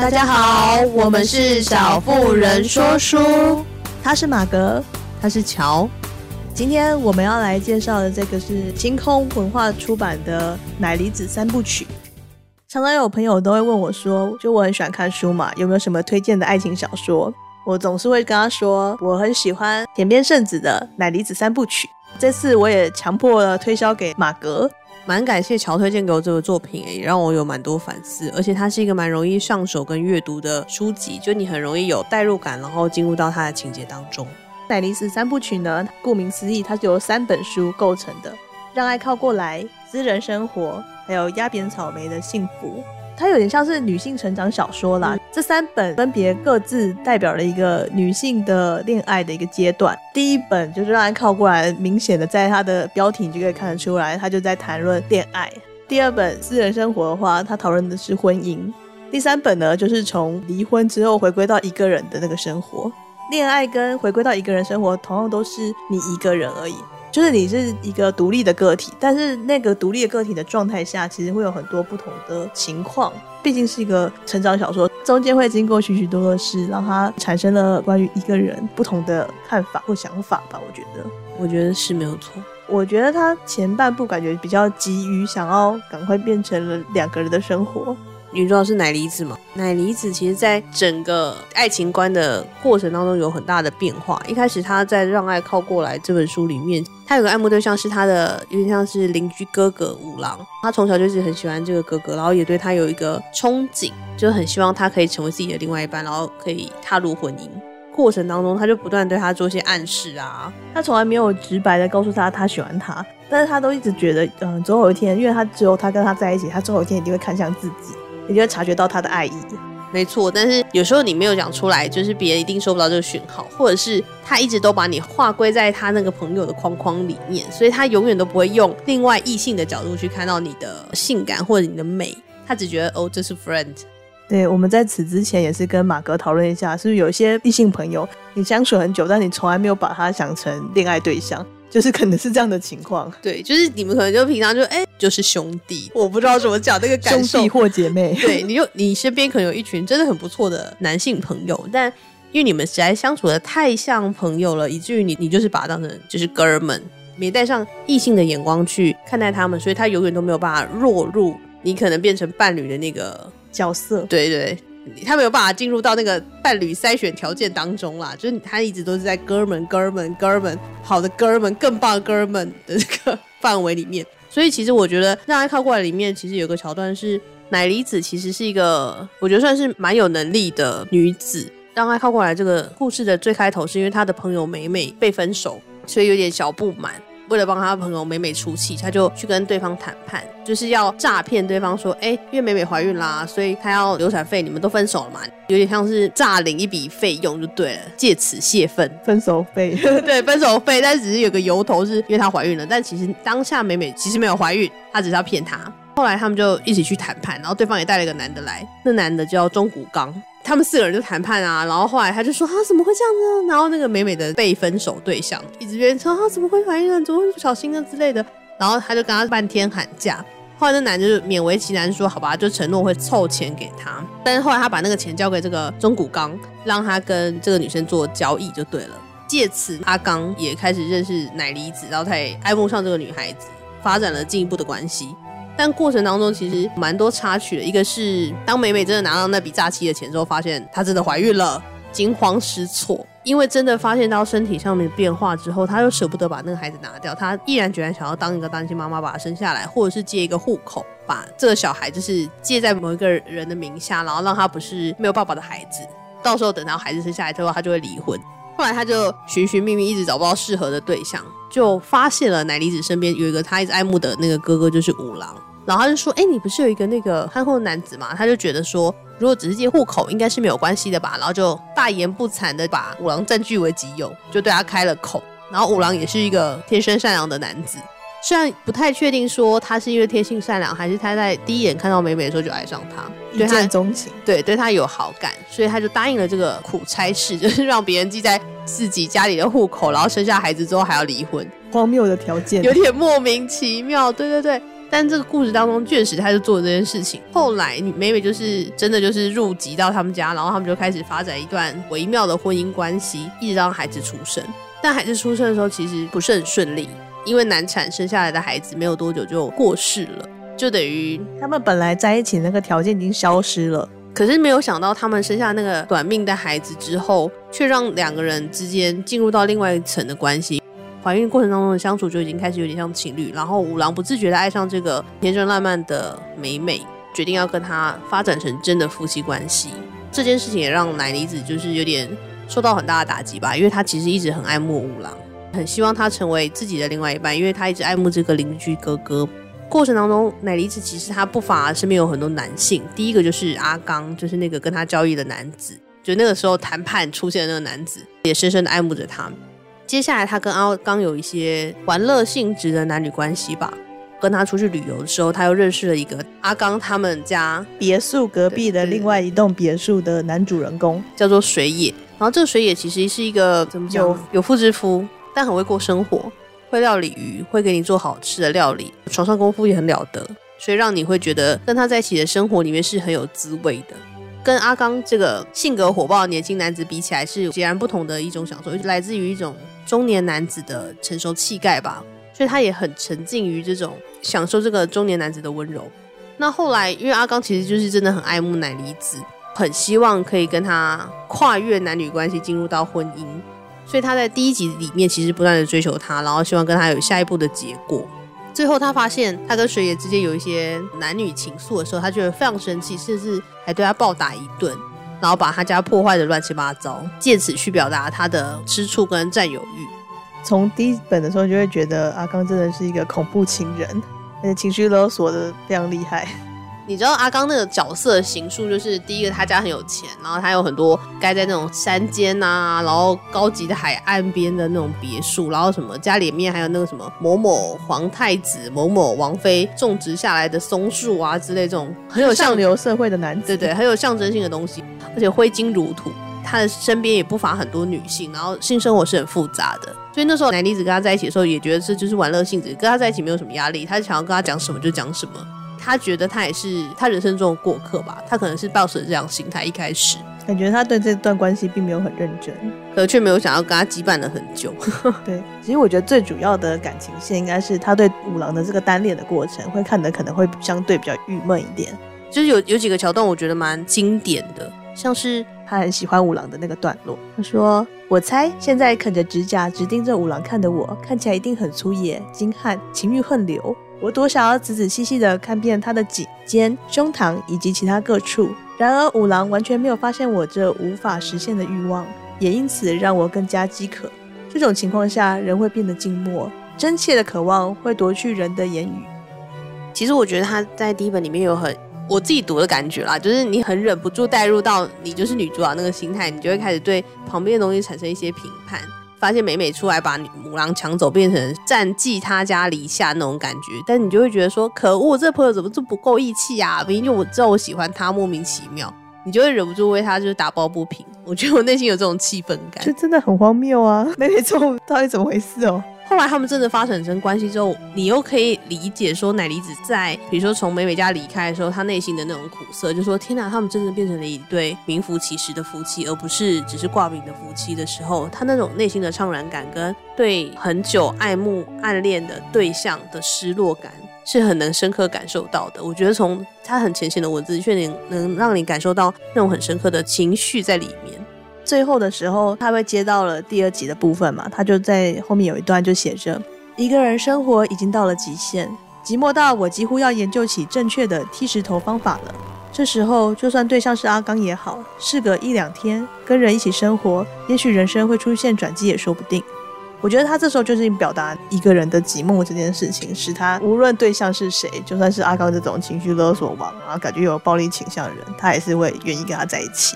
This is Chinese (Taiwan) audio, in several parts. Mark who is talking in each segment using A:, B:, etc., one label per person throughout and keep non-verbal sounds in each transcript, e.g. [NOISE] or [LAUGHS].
A: 大家好，我們是小婦人說書。他是馬格，他是喬。今天我們要來介紹的這個是星空文化出版的《乃里子三部曲》。常常有朋友都會問我說，就我很喜歡看書嘛，有沒有什麼推薦的愛情小說？我總是會跟他說，我很喜歡田邊聖子的《乃里子三部曲》。這次我也強迫了推銷給馬格。蠻感謝喬推薦給我這個作品，也讓我有蠻多反思。而且它是一個蠻容易上手跟閱讀的書籍，就你很容易有代入感，然後進入到它的情節當中。乃里子三部曲呢，顧名思義，它是由三本書構成的，《讓愛靠過來》、《私人生活》還有《壓扁草莓的幸福》。它有點像是女性成長小說啦，這三本分別各自代表了一個女性的戀愛的一個階段。第一本就是讓愛靠過來，明顯的在她的標題你就可以看得出來，她就在談論戀愛。第二本私人生活的話，她討論的是婚姻。第三本呢，就是從離婚之後回歸到一個人的那個生活。戀愛跟回歸到一個人生活，同樣都是你一個人而已。就是你是一個獨立的個體，但是那個獨立的個體的狀態下，其實會有很多不同的情況。畢竟是一個成長小說，中間會經過許許多多的事，讓他產生了關於一個人不同的看法或想法吧。我覺得，我覺得是沒有錯。我覺得他前半部感覺比較急於想要趕快變成了兩個人的生活。女主角是乃里子嘛？乃里子其實在整個愛情觀的過程當中有很大的變化。一開始他在《讓愛靠過來》這本書裡面，他有個愛慕對象是他的，有點像是鄰居哥哥五郎。他從小就是很喜歡這個哥哥，然後也對他有一個憧憬，就很希望他可以成為自己的另外一半，然後可以踏入婚姻。過程當中，他就不斷對他做一些暗示啊，他從來沒有直白的告訴他他喜歡他，但是他都一直覺得，嗯，總有一天，因為他只有他跟他在一起，他總有一天一定會看向自己。你就會察覺到他的愛意。沒錯，但是有時候你沒有講出來，就是別人一定收不到這個訊號，或者是他一直都把你劃歸在他那個朋友的框框裡面，所以他永遠都不會用另外異性的角度去看到你的性感或者你的美，他只覺得哦，這是 friend。對，我們在此之前也是跟馬哥討論一下，是不是有一些異性朋友，你相處很久，但你從來沒有把他想成戀愛對象。就是可能是這樣的情況，對，就是你們可能就平常就哎、欸，就是兄弟，我不知道怎麼講那個感受，兄弟或姐妹，對，你就你身邊可能有一群真的很不錯的男性朋友，但因為你們實在相處得太像朋友了，以至於你你就是把他當成就是哥們，沒帶上異性的眼光去看待他們，所以他永遠都沒有辦法落入你可能變成伴侶的那個角色，對對。他沒有辦法進入到那個伴侶篩選條件當中啦，就是他一直都是在哥們、哥們、哥們，好的哥們、更棒的哥們的這個範圍裡面。所以其實我覺得《讓愛靠過來》裡面其實有個橋段是，乃里子其實是一個我覺得算是蠻有能力的女子。讓愛靠過來這個故事的最開頭是因為他的朋友美美被分手，所以有點小不滿。為了幫他的朋友美美出氣，他就去跟對方談判，就是要詐騙對方說：“哎、欸，因為美美懷孕啦，所以她要流產費，你們都分手了嘛？”有點像是詐領一筆費用就對了，借此洩憤。分手費， [LAUGHS] 對，分手費，但只是有個由頭是因為她懷孕了，但其實當下美美其實沒有懷孕，她只是要騙她。後來他們就一起去談判，然後對方也帶了一個男的來，那男的叫中谷剛。他們四個人就談判啊，然後後來他就說啊，怎麼會這樣呢？然後那個美美的被分手對象一直邊說啊，怎麼會懷孕啊，怎麼會不小心啊之類的，然後他就跟他半天喊價。後來那男就勉為其難說好吧，就承諾會湊錢給她。但是後來他把那個錢交給這個鍾古剛，讓他跟這個女生做交易就對了。借此阿剛也開始認識乃里子，然後他也愛慕上這個女孩子，發展了進一步的關係。但過程當中其實蠻多插曲的，一個是當美美真的拿到那筆詐欺的錢之後，發現她真的懷孕了，驚慌失措，因為真的發現到身體上面變化之後，她又捨不得把那個孩子拿掉，她毅然決然想要當一個單親媽媽，把她生下來，或者是借一個戶口，把這個小孩就是借在某一個人的名下，然後讓她不是沒有爸爸的孩子，到時候等到孩子生下來之後，她就會離婚。後來她就尋尋覓覓，一直找不到適合的對象，就發現了乃里子身邊有一個她一直愛慕的那個哥哥，就是五郎。然後他就說：“哎，你不是有一個那個憨厚的男子嗎？他就覺得說，如果只是借戶口，應該是沒有關係的吧。”然後就大言不慚的把五郎佔據為己有，就對他開了口。然後五郎也是一個天生善良的男子，雖然不太確定說他是因為天性善良，還是他在第一眼看到美美的時候就愛上他，對他一見鍾情，對，對他有好感，所以他就答應了這個苦差事，就是讓別人記在自己家裡的戶口，然後生下孩子之後還要離婚，荒謬的條件，有點莫名其妙。對對對。但這個故事當中確實，他就做了這件事情。後來妹妹就是真的就是入籍到他們家，然後他們就開始發展一段微妙的婚姻關係，一直到孩子出生。但孩子出生的時候其實不是很順利，因為難產，生下來的孩子沒有多久就過世了，就等於他們本來在一起那個條件已經消失了。可是沒有想到，他們生下那個短命的孩子之後，卻讓兩個人之間進入到另外一層的關係。懷孕過程當中的相處就已經開始有點像情侶，然後五郎不自覺地愛上這個天真爛漫的美美，決定要跟她發展成真的夫妻關係。這件事情也讓乃里子就是有點受到很大的打擊吧，因為他其實一直很愛慕五郎，很希望他成為自己的另外一半，因為他一直愛慕這個鄰居哥哥。過程當中，乃里子其實他不乏身邊有很多男性，第一個就是阿剛，就是那個跟他交易的男子，就那個時候談判出現的那個男子，也深深的愛慕着他。接下來，他跟阿剛有一些玩樂性質的男女關係吧。跟他出去旅遊的時候，他又認識了一個阿剛他們家別墅隔壁的另外一棟別墅的男主人公，叫做水野。然後這個水野其實是一個有有婦之夫，但很會過生活，會料理魚，會給你做好吃的料理，床上功夫也很了得，所以讓你會覺得跟他在一起的生活裡面是很有滋味的。跟阿剛這個性格火爆的年輕男子比起來，是截然不同的一種享受，來自於一種。中年男子的成熟氣概吧，所以他也很沉浸於這種享受，這個中年男子的溫柔。那後來，因為阿剛其實就是真的很愛慕乃里子，很希望可以跟他跨越男女關係進入到婚姻，所以他在第一集裡面其實不斷的追求他，然後希望跟他有下一步的結果。最後他發現他跟水野之間有一些男女情愫的時候，他覺得非常生氣，甚至還對他暴打一頓。然後把他家破壞的亂七八糟，借此去表達他的吃醋跟占有欲。從第一本的時候就會覺得阿剛真的是一個恐怖情人，而且情緒勒索的非常厲害。你知道阿剛那個角色的形塑，就是第一個他家很有錢，然後他有很多蓋在那種山間啊，然後高級的海岸邊的那種別墅，然後什麼家裡面還有那個什麼某某皇太子、某某王妃種植下來的松樹啊之類，這種很有上流社會的男子，對，對對，很有象徵性的東西，而且揮金如土，他的身邊也不乏很多女性，然後性生活是很複雜的，所以那時候乃里子跟他在一起的時候也覺得是就是玩樂性質，跟他在一起沒有什麼壓力，他想要跟他講什麼就講什麼。他覺得他也是他人生中的過客吧，他可能是抱持這樣心態。一開始感覺他對這段關係並沒有很認真，可卻沒有想要跟他羈絆了很久。 [LAUGHS] 對，其實我覺得最主要的感情線應該是他對五郎的這個單戀的過程，會看得可能會相對比較鬱悶一點。就是有有幾個橋段，我覺得蠻經典的，像是他很喜歡五郎的那個段落。他說：“我猜現在啃着指甲，只盯着五郎看的我，看起來一定很粗野、精悍、情欲橫流。”我多想要仔仔細細地看遍他的頸肩、胸膛以及其他各處，然而五郎完全沒有發現我這無法實現的慾望，也因此讓我更加飢渴。這種情況下，人會變得靜默，真切的渴望會奪去人的言語。其實我覺得他在第一本裡面有很，我自己讀的感覺啦，就是你很忍不住帶入到你就是女主角那個心態，你就會開始對旁邊的東西產生一些評判。發現美美出來把你母狼搶走，變成占盡他家籬下那種感覺，但你就會覺得說，可惡，這個、朋友怎麼這麼不夠義氣啊？因為我知道我喜歡他，莫名其妙，你就會忍不住為他就是打抱不平。我覺得我內心有這種氣憤感，就真的很荒謬啊！美美，這到底怎麼回事哦？後來他們真的發展成關係之後，你又可以理解說，乃里子在比如說從美美家離開的時候，他內心的那種苦澀，就說天哪、啊，他們真的變成了一對名副其實的夫妻，而不是只是掛名的夫妻的時候，他那種內心的悵然感跟對很久愛慕暗戀的對象的失落感，是很能深刻感受到的。我覺得從他很淺顯的文字，卻能能讓你感受到那種很深刻的情緒在裡面。最後的時候，他被接到了第二集的部分嘛，他就在後面有一段就寫着：“一個人生活已經到了極限，寂寞到我幾乎要研究起正確的踢石頭方法了。這時候，就算對象是阿剛也好，事隔一兩天跟人一起生活，也許人生會出現轉機也說不定。”我覺得他這時候就是表達一個人的寂寞這件事情，使他無論對象是誰，就算是阿剛這種情緒勒索王，然後感覺有暴力傾向的人，他還是會願意跟他在一起。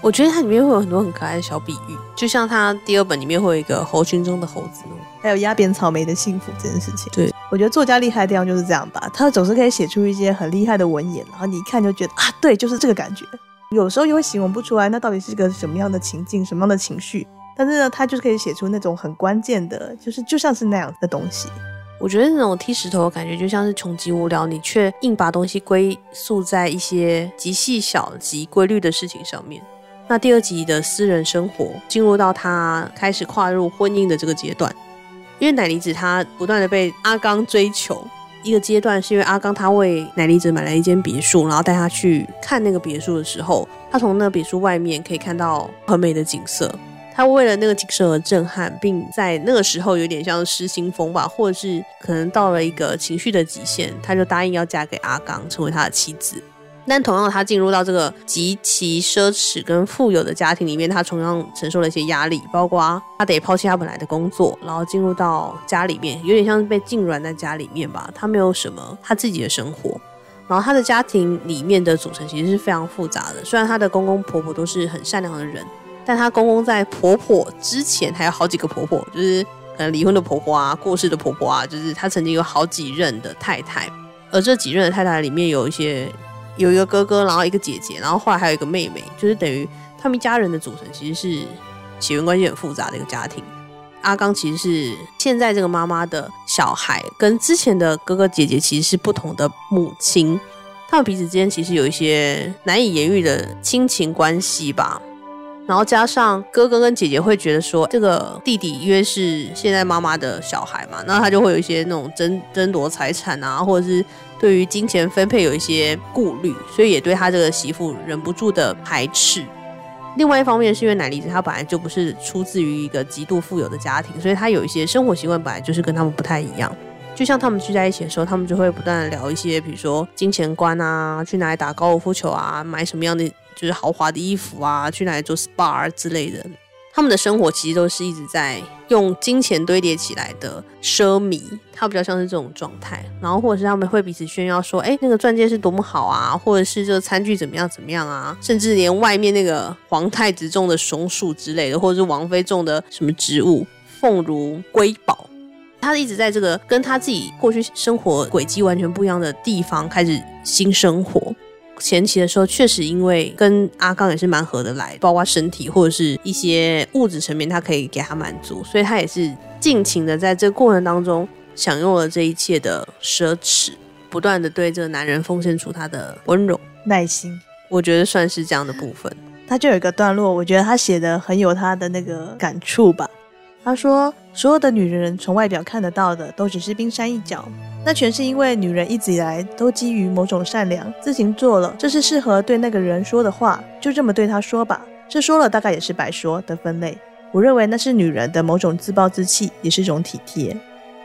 A: 我覺得它裡面會有很多很可愛的小比喻，就像它第二本裡面會有一個猴群中的猴子，還有壓扁草莓的幸福這件事情。對，我覺得作家厲害的地方就是這樣吧，他總是可以寫出一些很厲害的文言，然後你一看就覺得啊，對，就是這個感覺。有時候又會形容不出來，那到底是個什麼樣的情境，什麼樣的情緒？但是呢，他就是可以寫出那種很關鍵的，就是就像是那樣的東西。我覺得那種踢石頭的感覺，就像是窮極無聊，你卻硬把東西歸宿在一些極細小、極規律的事情上面。那第二集的私人生活進入到他開始跨入婚姻的這個階段，因為乃里子他不斷的被阿剛追求。一個階段是因為阿剛他為乃里子買了一間別墅，然後帶他去看那個別墅的時候，他從那個別墅外面可以看到很美的景色。他為了那個景色而震撼，並在那個時候有點像失心瘋吧，或者是可能到了一個情緒的極限，他就答應要嫁給阿剛，成為他的妻子。但同樣，他進入到這個極其奢侈跟富有的家庭裡面，他同樣承受了一些壓力，包括他得拋棄他本來的工作，然後進入到家裡面，有點像是被軟禁在家裡面吧。他沒有什麼他自己的生活，然後他的家庭裡面的組成其實是非常複雜的。雖然他的公公婆婆都是很善良的人，但他公公在婆婆之前還有好幾個婆婆，就是可能離婚的婆婆啊、過世的婆婆啊，就是他曾經有好幾任的太太，而這幾任的太太裡面有一些。有一個哥哥，然後一個姐姐，然後後來還有一個妹妹，就是等於他們一家人的組成其實是血緣關係很複雜的一個家庭。阿剛其實是現在這個媽媽的小孩，跟之前的哥哥姐姐其實是不同的母親，他們彼此之間其實有一些難以言喻的親情關係吧。然後加上哥哥跟姐姐會覺得說，這個弟弟因為是現在媽媽的小孩嘛，那他就會有一些那種爭爭奪財產啊，或者是。對於金錢分配有一些顧慮，所以也對他這個媳婦忍不住的排斥。另外一方面，是因為乃里子他本來就不是出自於一個極度富有的家庭，所以他有一些生活習慣本來就是跟他們不太一樣。就像他們聚在一起的時候，他們就會不斷的聊一些，比如說金錢觀啊，去哪裡打高爾夫球啊，買什麼樣的就是豪華的衣服啊，去哪裡做 SPA 之類的。他們的生活其實都是一直在用金錢堆疊起來的奢靡，他比較像是這種狀態。然後或者是他們會彼此炫耀說：“哎，那個鑽戒是多麼好啊！”或者是這個餐具怎麼樣怎麼樣啊，甚至連外面那個皇太子種的松樹之類的，或者是王妃種的什麼植物，奉如瑰寶。他一直在這個跟他自己過去生活軌跡完全不一樣的地方開始新生活。前期的時候，確實因為跟阿剛也是蠻合得來的，包括身體或者是一些物質層面，他可以給他滿足，所以他也是盡情的在這個過程當中，享用了這一切的奢侈，不斷的對這個男人奉獻出他的溫柔耐心，我覺得算是這樣的部分。他就有一個段落，我覺得他寫的很有他的那個感觸吧。他說：“所有的女人從外表看得到的，都只是冰山一角。”那全是因為女人一直以來都基於某種善良自行做了，這是適合對那個人說的話，就這麼對他說吧。這說了大概也是白說的分類。我認為那是女人的某種自暴自棄，也是一種體貼。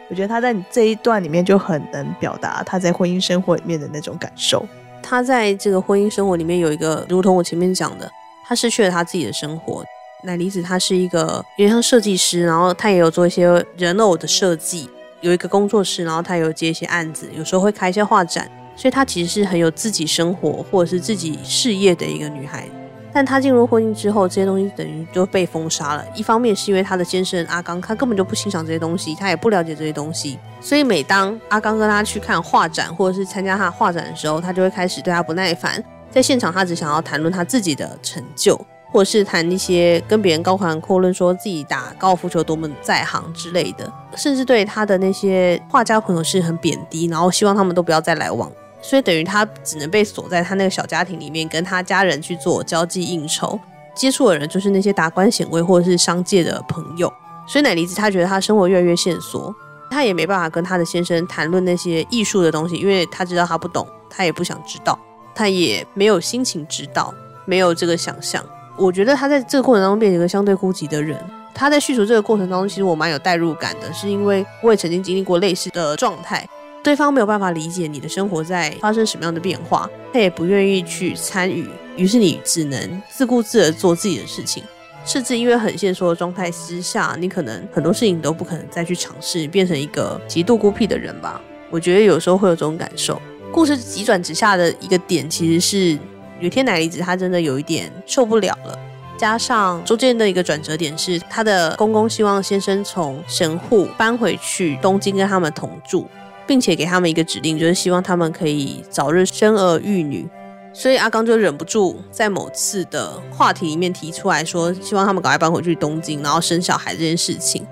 A: 我覺得她在這一段裡面就很能表達她在婚姻生活裡面的那種感受。她在這個婚姻生活裡面有一個，如同我前面講的，她失去了她自己的生活。乃里子她是一個原創設計師，然後她也有做一些人偶的設計。有一個工作室，然後她有接一些案子，有時候會開一些畫展，所以她其實是很有自己生活或者是自己事業的一個女孩。但她進入婚姻之後，這些東西等於就被封殺了。一方面是因為她的先生阿剛，他根本就不欣賞這些東西，他也不了解這些東西。所以每當阿剛跟她去看畫展或者是參加她的畫展的時候，他就會開始對她不耐煩。在現場，他只想要談論他自己的成就，或是談一些跟別人高談闊論，說自己打高爾夫球多麼在行之類的，甚至對他的那些畫家朋友是很貶低，然後希望他們都不要再來往。所以等於他只能被鎖在他那個小家庭裡面，跟他家人去做交際應酬，接觸的人就是那些達官顯貴或者是商界的朋友。所以乃里子他覺得他生活越來越線索，他也沒辦法跟他的先生談論那些藝術的東西，因為他知道他不懂，他也不想知道，他也沒有心情知道，沒有這個想象。我覺得他在這個過程當中變成一個相對孤寂的人。他在敘述這個過程當中，其實我蠻有代入感的，是因為我也曾經經歷過類似的狀態。對方沒有辦法理解你的生活在發生什麼樣的變化，他也不願意去參與，於是你只能自顧自地做自己的事情。甚至因為很現實的狀態之下，你可能很多事情都不可能再去嘗試，變成一個極度孤僻的人吧。我覺得有時候會有這種感受。故事急轉直下的一個點其實是。有一天乃里子她真的有一點受不了了，加上中間的一個轉折點是她的公公希望先生從神戶搬回去東京跟他們同住，並且給他們一個指令，就是希望他們可以早日生兒育女。所以阿剛就忍不住在某次的話題裡面提出來說，希望他們趕快搬回去東京，然後生小孩這件事情。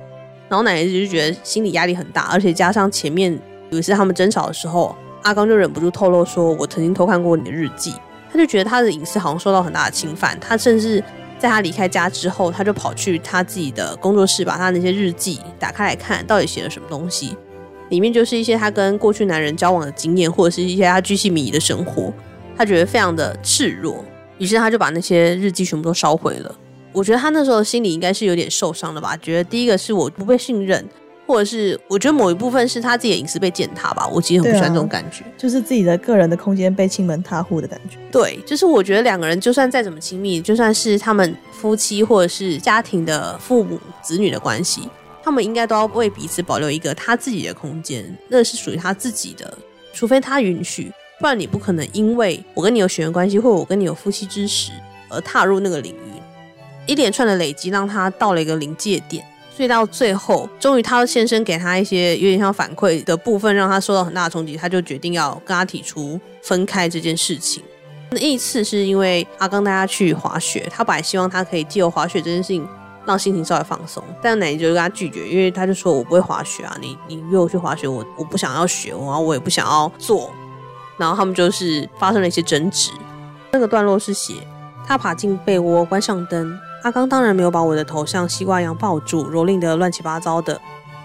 A: 然後乃里子就覺得心理壓力很大，而且加上前面有一次他們爭吵的時候，阿剛就忍不住透露說，我曾經偷看過你的日記。他就覺得他的隱私好像受到很大的侵犯。他甚至在他離開家之後，他就跑去他自己的工作室，把他那些日記打開來看，到底寫了什麼東西。裡面就是一些他跟過去男人交往的經驗，或者是一些他居心迷的生活。他覺得非常的赤裸，於是他就把那些日記全部都燒毀了。我覺得他那時候心裡應該是有點受傷了吧？覺得第一個是我不被信任。或者是我覺得某一部分是他自己的隱私被踐踏吧，我其實很不喜歡這種感覺，啊、就是自己的個人的空間被侵門踏戶的感覺。對，就是我覺得兩個人就算再怎麼親密，就算是他們夫妻或者是家庭的父母子女的關係，他們應該都要為彼此保留一個他自己的空間，那是屬於他自己的，除非他允許，不然你不可能因為我跟你有血緣關係，或者我跟你有夫妻之實而踏入那個領域。一連串的累積讓他到了一個臨界點。所以到最後，終於他的先生給他一些有點像反饋的部分，讓他受到很大的衝擊，他就決定要跟他提出分開這件事情。那一次是因為阿剛帶他去滑雪，他本來希望他可以借由滑雪這件事情讓心情稍微放鬆，但乃里就跟他拒絕，因為他就說我不會滑雪啊，你你約我去滑雪，我我不想要學，啊，然後我也不想要做，然後他們就是發生了一些爭執。那個段落是寫他爬進被窩，關上燈。阿剛當然沒有把我的頭像西瓜一樣抱住，蹂躪得亂七八糟的。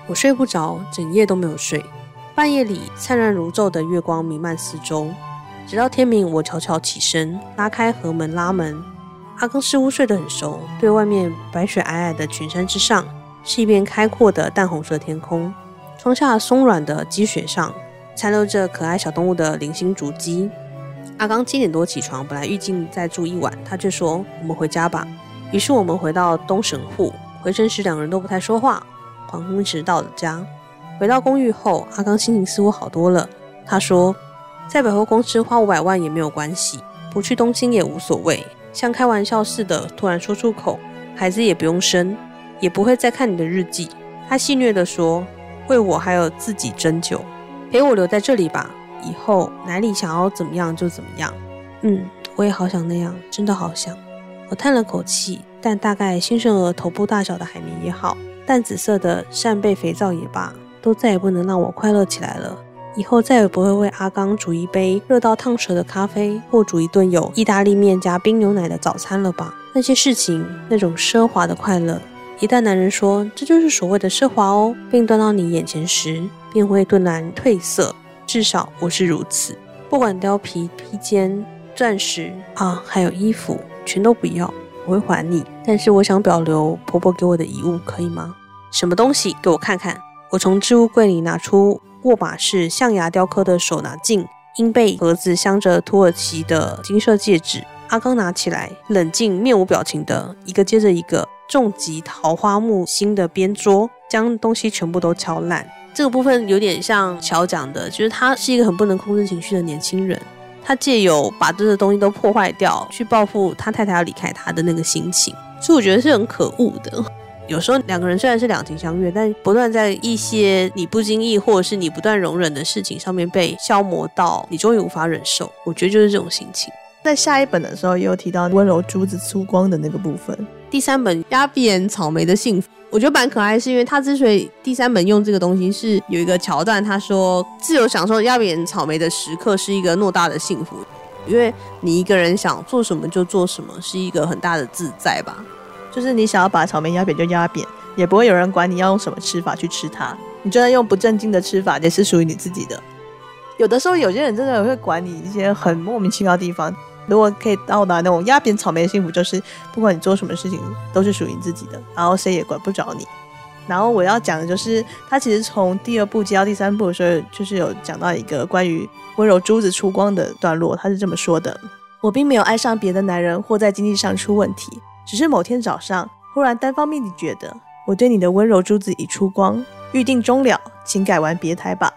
A: 我睡不着，整夜都沒有睡。半夜裡，燦爛如晝的月光彌漫四周，直到天明，我悄悄起身，拉開河門拉門。阿剛似乎睡得很熟，對外面白雪皚皚的群山之上，是一片開闊的淡紅色天空。窗下鬆軟的積雪上，殘留着可愛小動物的零星足跡。阿剛七點多起床，本來預計再住一晚，他卻說：“我們回家吧。”於是我們回到東神戶，回程時兩人都不太說話。黃昏時到了家，回到公寓後，阿剛心情似乎好多了。他說，在百貨公司花五百萬也沒有關係，不去東京也無所謂。像開玩笑似的突然說出口，孩子，也不用生，也不會再看你的日記。他戲謔地說：“為我還有自己斟酒，陪我留在這裡吧。以後哪裡想要怎麼樣就怎麼樣。”嗯，我也好想那樣，真的好想。我嘆了口氣，但大概新生兒頭部大小的海綿也好，淡紫色的扇貝肥皂也罷，都再也不能讓我快樂起來了。以後再也不會為阿剛煮一杯熱到燙舌的咖啡，或煮一頓有意大利麵加冰牛奶的早餐了吧？那些事情，那種奢華的快樂，一旦男人說這就是所謂的奢華哦，並端到你眼前時，便會頓然褪色。至少我是如此。不管貂皮披肩。鑽石啊，還有衣服，全都不要，我會還你。但是我想保留婆婆給我的遺物，可以嗎？什麼東西？給我看看。我從置物櫃裡拿出握把式象牙雕刻的手拿鏡，因被盒子鑲着土耳其的金色戒指。阿、啊、剛拿起來，冷靜，面無表情的一個接着一個，重擊桃花心木的邊桌，將東西全部都敲爛。這個部分有點像喬講的，就是他是一個很不能控制情緒的年輕人。他借由把這些東西都破壞掉，去報復他太太要離開他的那個心情，所以我覺得是很可惡的。有時候兩個人雖然是兩情相悅，但不斷在一些你不經意或者是你不斷容忍的事情上面被消磨到，你終於無法忍受。我覺得就是這種心情。在下一本的時候也有提到溫柔珠子粗光的那個部分。第三本壓扁草莓的幸福，我覺得蠻可愛，是因為他之所以第三本用這個東西，是有一個橋段，他說自由享受壓扁草莓的時刻是一個偌大的幸福，因為你一個人想做什麼就做什麼，是一個很大的自在吧。就是你想要把草莓壓扁就壓扁，也不會有人管你要用什麼吃法去吃它，你就算用不正經的吃法也是屬於你自己的。有的時候有些人真的會管你一些很莫名其妙的地方。如果可以到達那種壓扁草莓的幸福，就是不管你做什麼事情都是屬於自己的，然後誰也管不着你。然後我要講的就是，他其實從第二部接到第三部的時候，所以就是有講到一個關於溫柔珠子出光的段落，他是這麼說的：我並沒有愛上別的男人或在經濟上出問題，只是某天早上忽然單方面你覺得我對你的溫柔珠子已出光，預定終了，請改玩別台吧。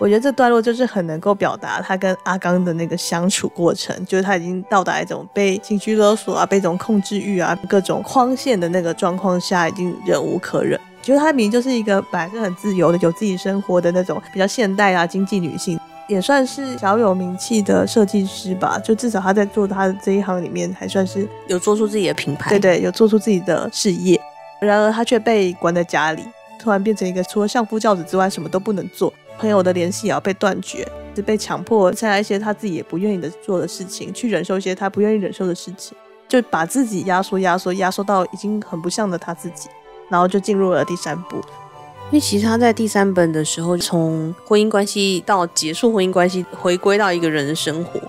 A: 我覺得這段落就是很能夠表達她跟阿剛的那個相處過程，就是她已經到達一種被情緒勒索啊，被一種控制慾啊，各種框限的那個狀況下，已經忍無可忍。其實她明明就是一個本來是很自由的，有自己生活的那種比較現代啊經濟女性，也算是小有名氣的設計師吧。就至少她在做她的這一行裡面，還算是有做出自己的品牌，對對，有做出自己的事業。然而她卻被關在家裡，突然變成一個除了相夫教子之外什麼都不能做。朋友的聯繫也要被斷絕，被強迫再來一些他自己也不願意的做的事情，去忍受一些他不願意忍受的事情，就把自己壓縮、壓縮、壓縮到已經很不像的他自己，然後就進入了第三部，因為其實他在第三本的時候，從婚姻關係到結束婚姻關係，回歸到一個人的生活，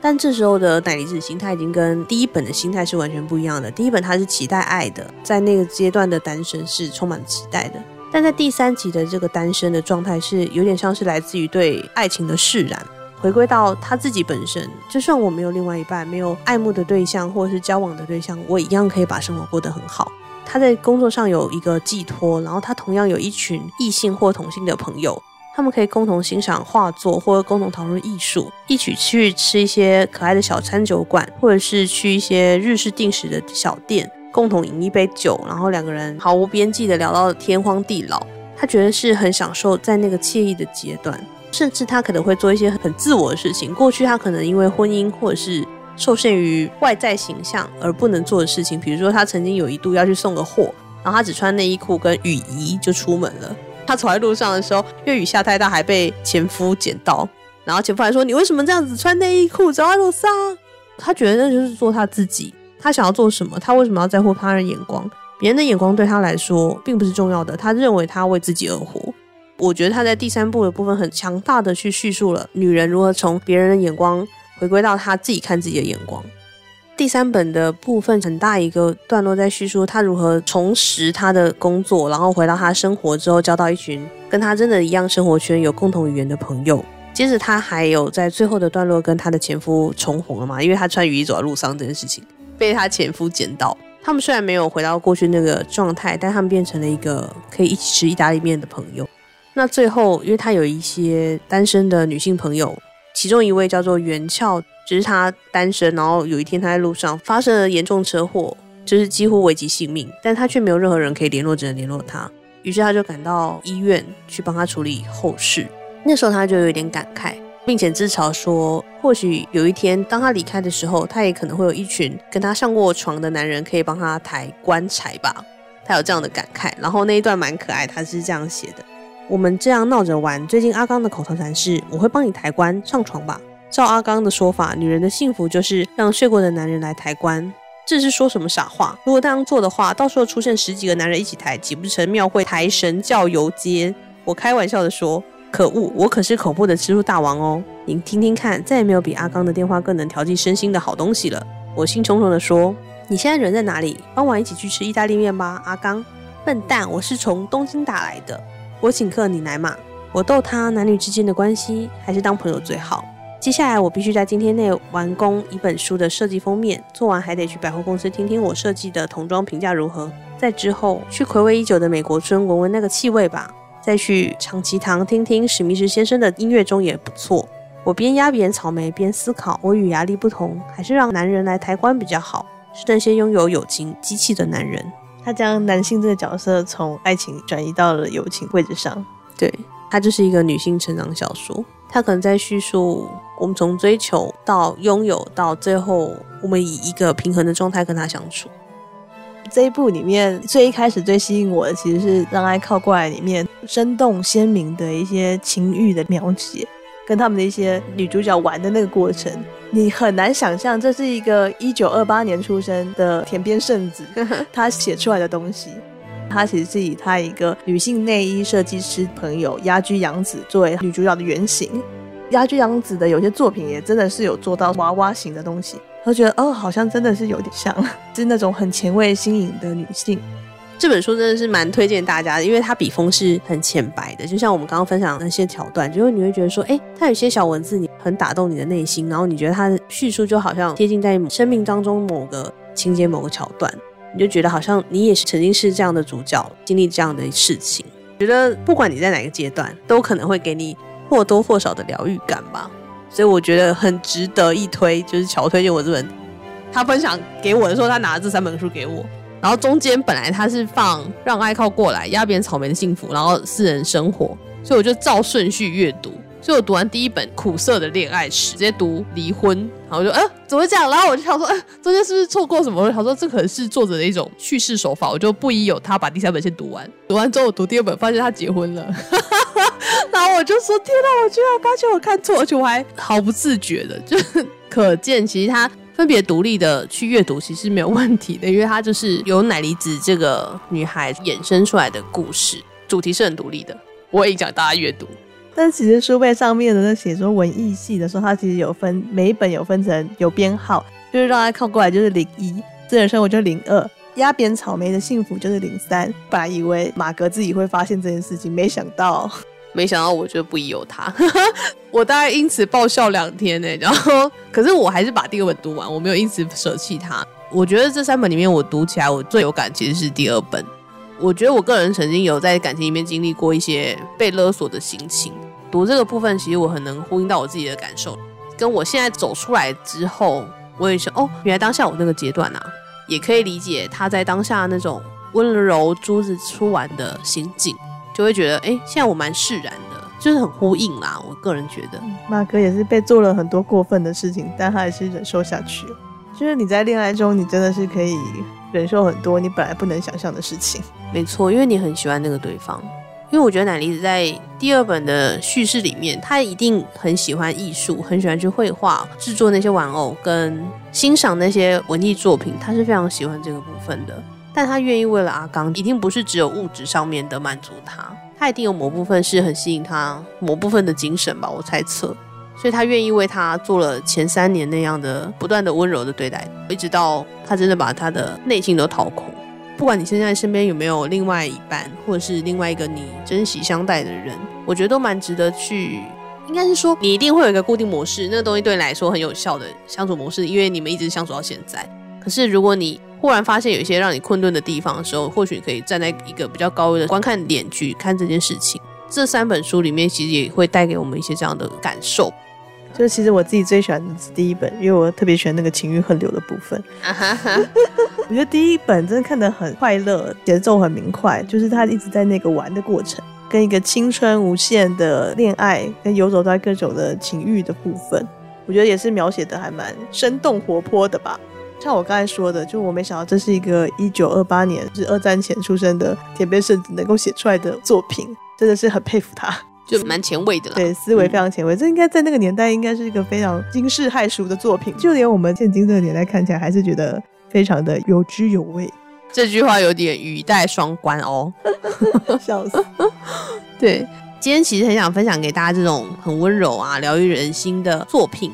A: 但這時候的乃里子心態已經跟第一本的心態是完全不一樣的。第一本他是期待愛的，在那個階段的單身是充滿期待的。但在第三集的這個單身的狀態是有點像是來自於對愛情的釋然，回歸到他自己本身。就算我沒有另外一半，沒有愛慕的對象，或者是交往的對象，我也一樣可以把生活過得很好。他在工作上有一個寄託，然後他同樣有一群異性或同性的朋友，他們可以共同欣賞畫作，或者共同討論藝術，一起去吃一些可愛的小餐酒館，或者是去一些日式定食的小店。共同飲一杯酒，然後兩個人毫無邊際的聊到天荒地老，他覺得是很享受在那個愜意的階段，甚至他可能會做一些很自我的事情。過去他可能因為婚姻或者是受限於外在形象而不能做的事情，比如說他曾經有一度要去送個貨，然後他只穿內衣褲跟雨衣就出門了。他走在路上的時候，因為雨下太大，還被前夫撿到，然後前夫還說：“你為什麼這樣子穿內衣褲走在路上？”他覺得那就是做他自己。他想要做什麼？他為什麼要在乎他人眼光？別人的眼光對他來說並不是重要的。他認為他為自己而活。我覺得他在第三部的部分很強大的去敘述了女人如何從別人的眼光回歸到他自己看自己的眼光。第三本的部分很大一個段落在敘述他如何重拾他的工作，然後回到他生活之後交到一群跟他真的一樣生活圈有共同語言的朋友。接着他還有在最後的段落跟他的前夫重逢了嘛？因為他穿雨衣走在路上這件事情。被她前夫撿到。他們雖然沒有回到過去那個狀態，但他們變成了一個可以一起吃意大利麵的朋友。那最後，因為她有一些單身的女性朋友，其中一位叫做袁俏，只、就是她單身。然後有一天她在路上發生了嚴重車禍，就是幾乎危及性命，但她卻沒有任何人可以聯絡，只能聯絡她。於是她就趕到醫院去幫她處理後事。那時候她就有點感慨。並且自嘲說，或許有一天當他離開的時候，他也可能會有一群跟他上過床的男人可以幫他抬棺材吧。他有這樣的感慨，然後那一段蠻可愛。他是這樣寫的：我們這樣鬧着玩。最近阿剛的口頭禪是：“我會幫你抬棺上床吧。”照阿剛的說法，女人的幸福就是讓睡過的男人來抬棺。這是說什麼傻話？如果這樣做的話，到時候出現十幾個男人一起抬，豈不成廟會抬神轎遊街？我開玩笑的說。可惡，我可是恐怖的吃肉大王哦！您聽聽看，再也沒有比阿剛的電話更能調劑身心的好東西了。我興沖沖地說：“你現在人在哪裡？傍晚一起去吃意大利面吧，阿剛。”笨蛋，我是從東京打來的，我請客，你來嘛。我逗他，男女之間的關係還是當朋友最好。接下來我必須在今天內完工一本書的設計封面，做完還得去百貨公司聽聽我設計的童裝評價如何，再之後去暌違已久的美國村聞聞那個氣味吧。再去長崎堂聽聽史密斯先生的音樂中也不錯。我邊壓扁草莓邊思考，我與壓力不同，還是讓男人來抬棺比較好。是那些擁有友情機器的男人。他將男性這個角色從愛情轉移到了友情位置上。對，他就是一個女性成長小說。他可能在敘述我們從追求到擁有，到最後我們以一個平衡的狀態跟他相處。這一部裡面最一開始最吸引我的，其實是《讓愛靠過來》裡面生動鮮明的一些情慾的描寫，跟他們的一些女主角玩的那個過程，你很難想象這是一個1928年出生的田邊聖子他寫出來的東西。他其實是以他一個女性內衣設計師朋友鴨居羊子作為女主角的原型。鴨居羊子的有些作品也真的是有做到娃娃型的東西。都覺得哦，好像真的是有點像，是那種很前衛新穎的女性。這本書真的是蠻推薦大家的，因為它筆鋒是很淺白的，就像我們剛剛分享的那些橋段，就會你會覺得說，哎，它有些小文字你很打動你的內心，然後你覺得它的敘述就好像貼近在生命當中某個情節某個橋段，你就覺得好像你也是曾經是這樣的主角經歷這樣的事情，覺得不管你在哪個階段都可能會給你或多或少的療癒感吧。所以我覺得很值得一推，就是喬推薦我這本。他分享給我的時候，他拿了這三本書給我，然後中間本來他是放《讓愛靠過來》《壓扁草莓的幸福》然後私人生活，所以我就照順序閱讀。就我讀完第一本苦澀的戀愛史，直接讀離婚，然後我就呃、啊、怎麼講？然後我就想說，呃、啊、中間是不是錯過什麼？他說這可能是作者的一種敘事手法，我就不疑有他把第三本先讀完，讀完之後讀第二本發現他結婚了， [LAUGHS] 然後我就說天哪，我居然發現我看錯，我還毫不自覺的，就可見其實他分別獨立的去閱讀其實沒有問題的，因為他就是由乃里子這個女孩衍生出來的故事，主題是很獨立的，不會影響大家閱讀。但其實書背上面的那寫說文藝系的時候，它其實有分每一本有分成有編號，就是讓愛靠過來就是零一，私人生活就零二，壓扁草莓的幸福就是零三。本來以為馬哥自己會發現這件事情，沒想到，沒想到我覺得不疑有他， [LAUGHS] 我大概因此爆笑兩天呢、欸。然後，可是我還是把第二本讀完，我沒有因此舍棄它。我覺得這三本裡面，我讀起來我最有感其實是第二本。我覺得我個人曾經有在感情裡面經歷過一些被勒索的心情。讀這個部分，其實我很能呼應到我自己的感受，跟我現在走出來之後，我也想哦，原來當下我那個階段啊，也可以理解他在當下那種溫柔珠子出完的心境，就會覺得哎，現在我蠻釋然的，就是很呼應啦。我個人覺得，馬哥也是被做了很多過分的事情，但他還是忍受下去了。就是你在戀愛中，你真的是可以忍受很多你本來不能想象的事情。沒錯，因為你很喜歡那個對方。因為我覺得乃里子在第二本的敘事裡面，他一定很喜歡藝術，很喜歡去繪畫、制作那些玩偶，跟欣賞那些文藝作品，他是非常喜歡這個部分的。但他願意為了阿剛，一定不是只有物質上面的滿足他，他一定有某部分是很吸引他，某部分的精神吧，我猜測。所以他願意為他做了前三年那樣的不斷的溫柔的對待，一直到他真的把他的內心都掏空。不管你現在身邊有沒有另外一半，或者是另外一個你珍惜相待的人，我覺得都蠻值得去。應該是說，你一定會有一個固定模式，那個東西對你來說很有效的相處模式，因為你們一直相處到現在。可是，如果你忽然發現有一些讓你困頓的地方的時候，或許可以站在一個比較高的觀看點去看這件事情。這三本書裡面，其實也會帶給我們一些這樣的感受。就是其實我自己最喜歡的是第一本，因為我特別喜歡那個情欲橫流的部分。啊、哈哈 [LAUGHS] 我覺得第一本真的看得很快樂，節奏很明快，就是他一直在那個玩的過程，跟一個青春無限的戀愛，跟游走在各種的情欲的部分，我覺得也是描寫的還蠻生動活潑的吧。像我剛才說的，就我沒想到這是一個一九二八年，就是二戰前出生的田邊聖子能夠寫出來的作品，真的是很佩服他。就蠻前衛的了，對，思維非常前衛。嗯、這應該在那個年代，應該是一個非常驚世駭俗的作品。就連我們現今這個年代，看起來還是覺得非常的有滋有味。這句話有點語帶雙關哦，， [LAUGHS] 笑死。 [LAUGHS] 對，今天其實很想分享給大家這種很溫柔啊、療癒人心的作品。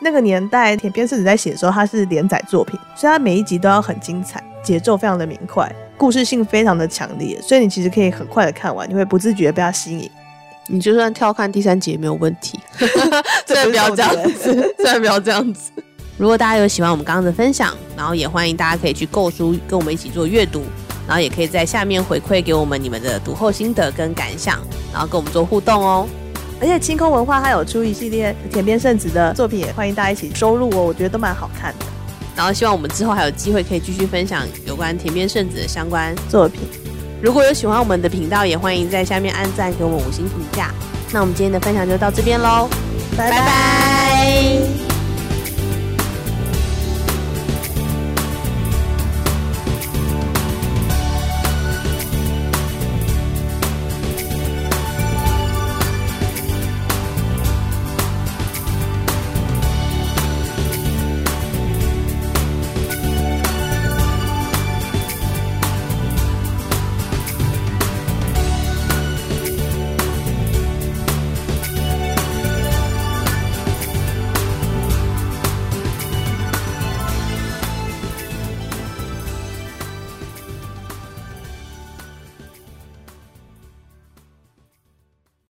A: 那個年代，田邊聖子在寫的時候，它是連載作品，所以它每一集都要很精彩，節奏非常的明快，故事性非常的強烈，所以你其實可以很快的看完，你會不自覺被它吸引。你就算跳看第三集也沒有問題， [LAUGHS] 雖然不要這樣子， [LAUGHS] 雖然不要這樣子。 [LAUGHS] 如果大家有喜歡我們剛剛的分享，然後也歡迎大家可以去購書，跟我們一起做閱讀，然後也可以在下面回饋給我們你們的讀後心得跟感想，然後跟我們做互動哦。而且青空文化還有出一系列田邊聖子的作品，也歡迎大家一起收錄哦，我覺得都蠻好看的。然後希望我們之後還有機會可以繼續分享有關田邊聖子的相關作品。如果有喜歡我們的頻道，也歡迎在下面按贊，給我們五星評價。那我們今天的分享就到這邊嘍，拜拜。